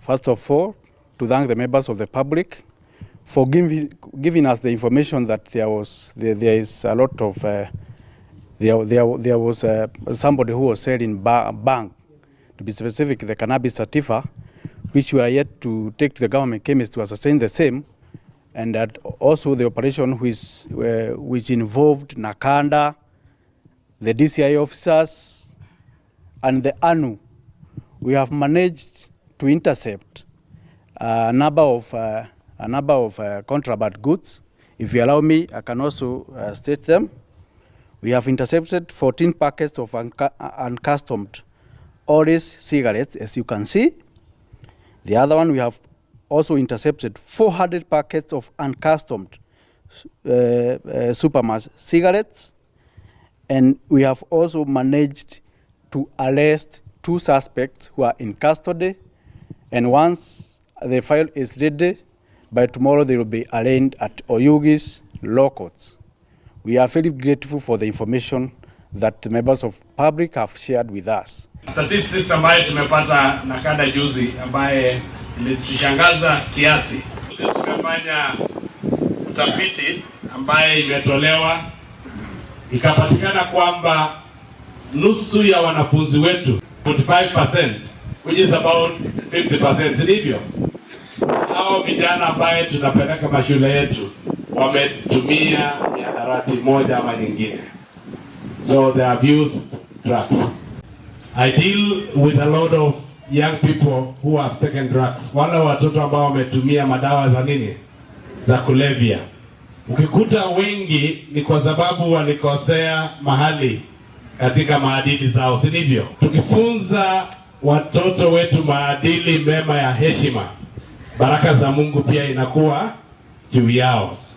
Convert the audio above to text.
first of all, to thank the members of the public for giving, giving us the information that there was there, there is a lot of uh, there, there, there was uh, somebody who was selling ba to be specific the cannabis sativa which we are yet to take to the government chemist to ascertain the same and that also the operation which, uh, which involved Nakanda the DCI officers and the ANU we have managed to intercept uh, a number of, uh, a number of uh, contraband goods. If you allow me, I can also uh, state them. We have intercepted 14 packets of unca uh, uncustomed Oris cigarettes, as you can see. The other one, we have also intercepted 400 packets of uncustomed uh, uh, supermass cigarettes. And we have also managed to arrest two suspects who are in custody And once the file is ready, by tomorrow they will be arraigned at Oyugi's law courts. We are very grateful for the information that members of public have shared with us. Statistics ambaye tumepata na kada juzi ambaye ilitushangaza kiasi. Tumefanya utafiti ambaye imetolewa ikapatikana kwamba nusu ya wanafunzi wetu 45% which is about 50%, zilivyo Hao vijana ambaye tunapeleka mashule yetu wametumia mihadarati moja ama nyingine, so they have used drugs. I deal with a lot of young people who have taken drugs, wale watoto ambao wametumia madawa za nini, za kulevya. Ukikuta wengi ni kwa sababu walikosea mahali katika maadili zao, si ndivyo? Tukifunza watoto wetu maadili mema ya heshima, baraka za Mungu pia inakuwa juu yao.